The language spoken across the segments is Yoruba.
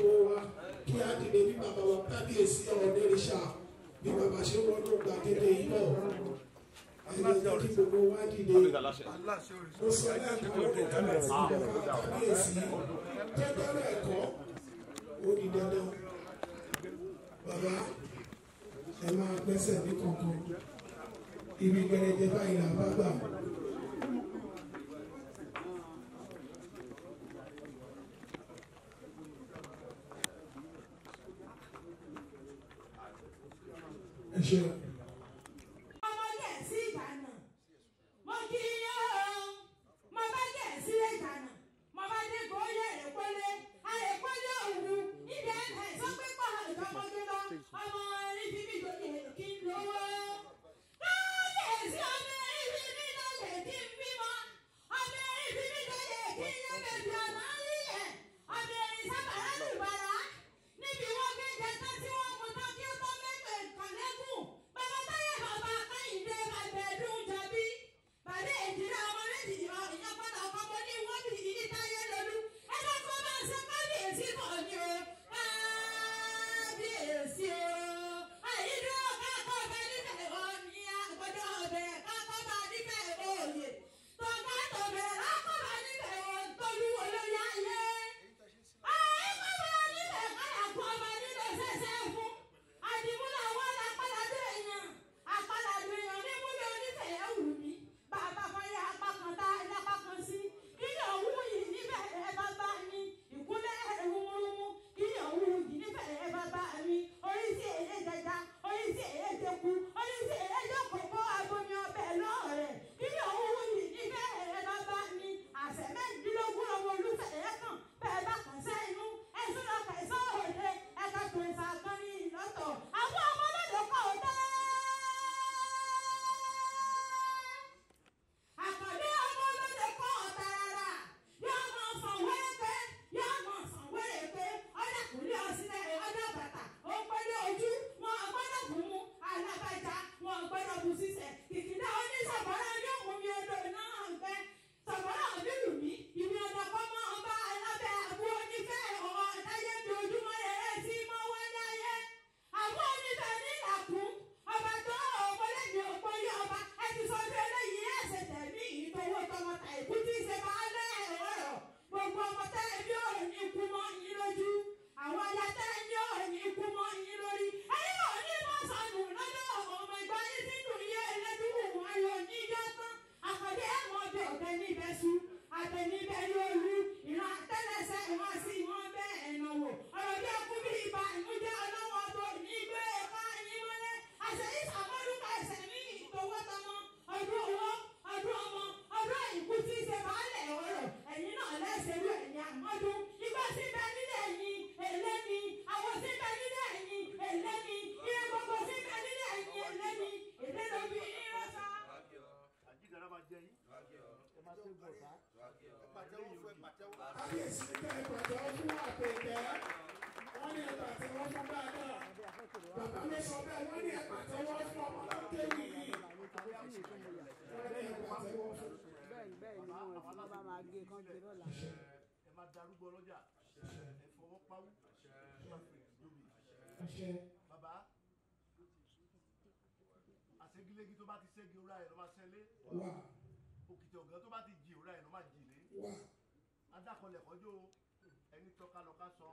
gbogbo wa kí á dìde bí bàbá wa kábíyèsí Ọ̀ọ̀nìrìṣà bí bàbá ṣe wọnú gbàgede yìí bọ̀ ẹ̀yẹ kí gbogbo wa dìde mo sọ lẹ́ẹ̀kan lórí kábíyèsí tẹ́tẹ́rẹ́ ẹ̀kọ́ ó di dandan bàbá ẹ máa gbẹ́sẹ̀ ní kankan ibi gbẹrẹjẹ báyìí làbá gbà. sọ dáadáa bàbá mi sọ bẹ́ẹ̀ wọ́n ní ẹ̀pà tẹ́wọ́ fún ọmọ lọ́kẹ́ yìí wọ́n ní ẹ̀pà tẹ́wọ́ fún. bẹ́ẹ̀ni bẹ́ẹ̀ni wọn ò fún bá máa gé kán jẹ lọ́la. ẹ máa darúgbó ọlọ́jà ẹ fọwọ́ pawú ẹ máa fi lóbi. bàbá àṣegilegi tó bá ti ṣẹ́gi òra ẹ̀ ló máa ṣẹlé òkìtì ọ̀gá tó bá ti jì òra ẹ̀ ló máa jì lé adákọlẹ̀ ẹni tọ́ka lọ́ka sọ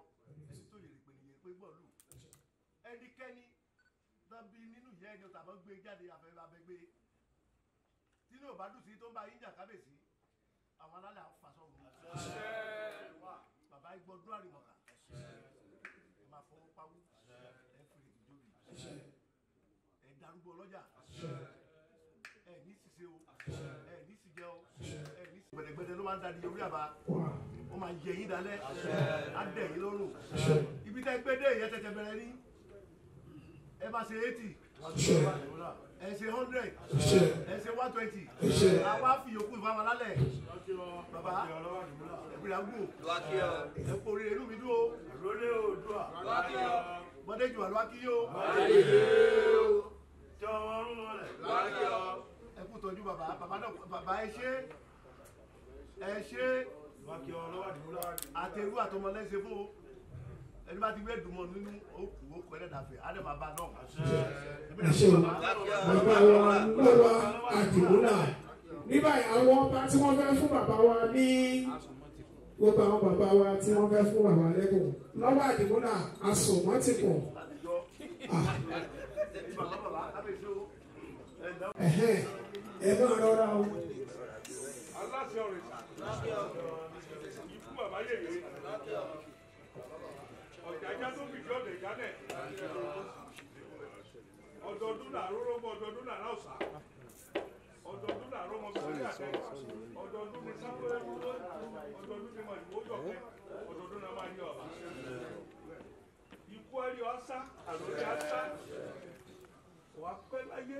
pé bọ́ọ̀lù ẹnikẹ́ni tàbí nínú ìyá ẹni ọ̀tàbọ̀ gbé jáde àfẹ́fẹ́ abẹ́gbé tínú òbádùn sí tó ń bá yín kábèsí àwọn alálẹ̀ àfàsọ̀rùn bàbá igbọdún àrìmọ̀kà ẹ máa fọwọ́ pawú ẹ fèrè ìjọbi ẹ darúgbó ọlọ́jà ẹ ní ṣìṣe o ẹ ní ṣìjẹ o ẹ ní ṣìṣe gbẹdẹgbẹdẹ ló máa ń dá orí àbá ó máa yẹ yín dalẹ̀ á dẹ̀ yín lọ́rùn ibi tẹ́ gbé dé ìyẹn tẹ̀tẹ̀ bẹ̀rẹ̀ ní ẹ bá ṣe eighty ẹ ṣe hundred ẹ ṣe one twenty àwa fi yòókù ìfowópamọ́ lálẹ́ bàbá ẹ̀gbìnrà gbò ẹ kò rí inú mi dúró lóde òdua bọ́dẹ́jù àlọ́ akíyó tẹ ọmọ ọrùn mọ́lẹ̀ ẹ kú tọ́jú bàbá bàbá ẹ ṣe ẹ ṣe wá kí ọ lọ́wọ́ àdìmúlá àtẹrú àtọmọlẹ́sẹ̀ fún o ẹni bá ti gbé dùnmọ̀ nínú òkú òkú ẹlẹ́dàfẹ́ àdè máa bá náà. ẹ o bàbá wa lọ́wọ́ àdìmúlá ní báyìí àwọn ọba tí wọ́n fẹ́ fún bàbá wa ní gbogbo àwọn bàbá wa tí wọ́n fẹ́ fún bàbá lẹ́kùn lọ́wọ́ àdìmúlá asòmọ́tìpọ̀ ẹ máa rọra o. aláṣẹ òrìṣà. Adéyẹwé ọ̀jájá tó fìdí ọ̀dẹ̀ jálẹ̀ ọdọọdún làárọ̀ rọ́mọ ọdọọdún làárọ̀ ọ̀sà ọdọọdún làárọ̀ ọmọ bíbí àtẹ ọdọọdún ní sáfẹ́rẹ́ wúlò ọdọọdún ní màdìwó yọ̀kẹ́ ọdọọdún náà máa yọ̀ ikú ẹ̀rí ọ̀sá àlọ́lẹ̀ ọ̀sá wàá pẹ́ láyé.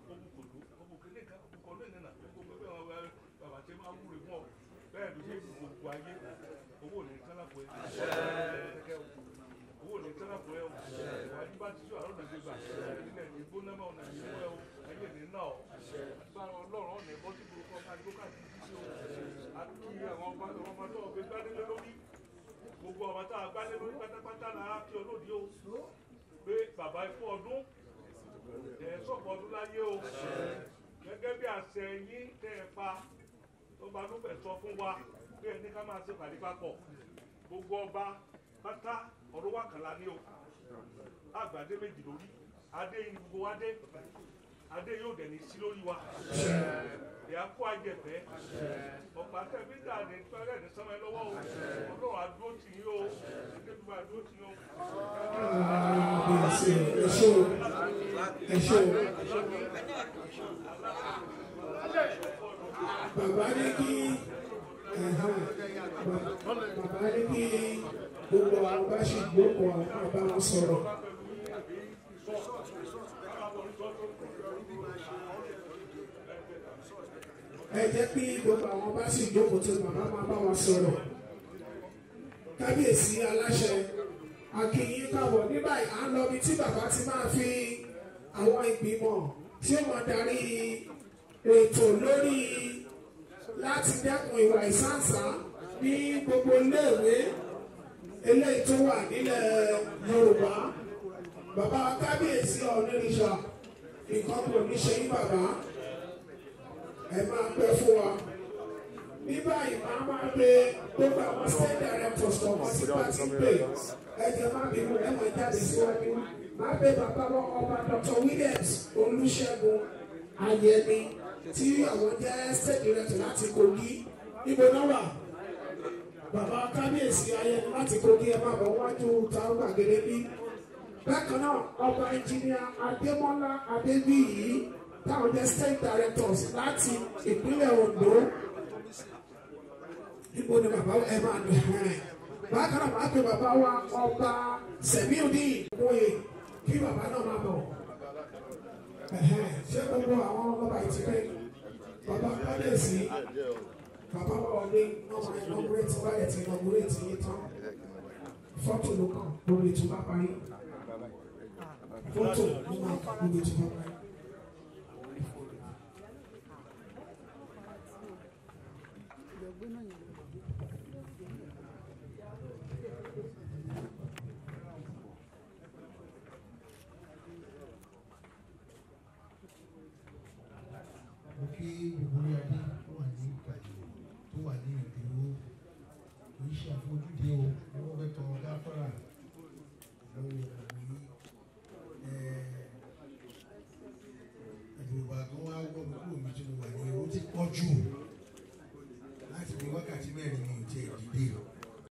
bẹ́ẹ̀ ló ṣe gbogbo ayé owó ní tẹ́lápò ẹ owó ní tẹ́lápò ẹ o àti bá àrùn náà gbégbà nílẹ̀ ní gbóná máa nà ní o ayé ní náà o àtibá ọlọ́run ọ̀nà ẹ̀kọ́ tí gbogbo ọmọ àdúgbò káàkiri ti ṣe o àti àwọn ọmọ ọmọ tó ọ̀gbẹ́ gbádélé lórí gbogbo ọmọ tá a gbádé lórí pátápátá náà kí olóòdì o pé bàbá ikú ọdún ẹ̀ sọ̀pọ̀ ọdún láyé o gẹ́gẹ́ bí àṣẹ yín tẹ́ ẹ pa tó bá lópẹ̀ sọ fún wa pé ẹni ká máa ṣe pàdé papọ̀ gbogbo ọba pátá ọdún wa kànlá ní o àgbàdé méjì lórí adé gbogbo wa dé adé yóò dẹ̀ ní sí lórí wa ìyá kó ajẹ̀fẹ́ ọ̀pá tẹ̀mítà ní pẹ́rẹ́ ní sọ́mọ lọ́wọ́ o ọlọ́run àdúró tì yín o ìdébùbà àdúró tì yín o. ẹ ṣé o ẹ ṣé o bàbá ní kí bàbá ní kí gbogbo àwọn bá ṣì gbókò àwọn bàbá wọn sọ̀rọ̀. ẹ jẹ́ kí gbogbo àwọn bá sì jókòó tí bàbá máa bá wọn sọ̀rọ̀ kábíyèsí aláṣẹ akínyìn káwọ̀ ní báyìí à ń lọ bí tí bàbá ti máa fi àwọn ìgbìmọ̀ tí ó máa darí ètò lórí láti dẹ́kun ìwà ìsáǹsá ní gbogbo iléèwé eléyìí tó wà nílẹ̀ Yorùbá bàbá kábíyèsí ọ̀nìrìṣà nǹkan kò ní ṣe yín bàbá ẹ máa pẹ́ fún wa ní báyìí máa máa pe gbogbo àwọn state directors kọ̀ọ̀kan sí pàtí pé ẹ̀jẹ̀ má bí mo ẹ̀ máa jáde síwájú má pe bàbá ọba Dr. Williams Olúṣẹ́gun Ayẹni tí àwọn jẹ́ state director láti Kogi níbo náà wà bàbá kábíyèsí ayẹni láti Kogi ẹ máa bọ̀ wájú táwọn gbàgede bí bákan náà ọba ẹnjìníà Adémọ́lá Adébíyì táwọn jẹ́ state directors láti ìpínlẹ̀ Ondo níbo ni bàbá ẹ máa lò ẹ bákan náà bàbá wa ọba Sẹ̀míùdì Mòye kí bàbá náà máa bọ̀ ṣé gbogbo àwọn ọlọ́ba yìí ti bẹ́ẹ̀ bàbá kábíyèsí bàbá wọlé ọmọ ìnọgúrẹ́tì báyẹ̀ ti ìnọgúrẹ́tì yìí tán fọ́tò ló kàn lórí ìtura parí fọ́tò ló kàn lórí ìtura parí. Bueno,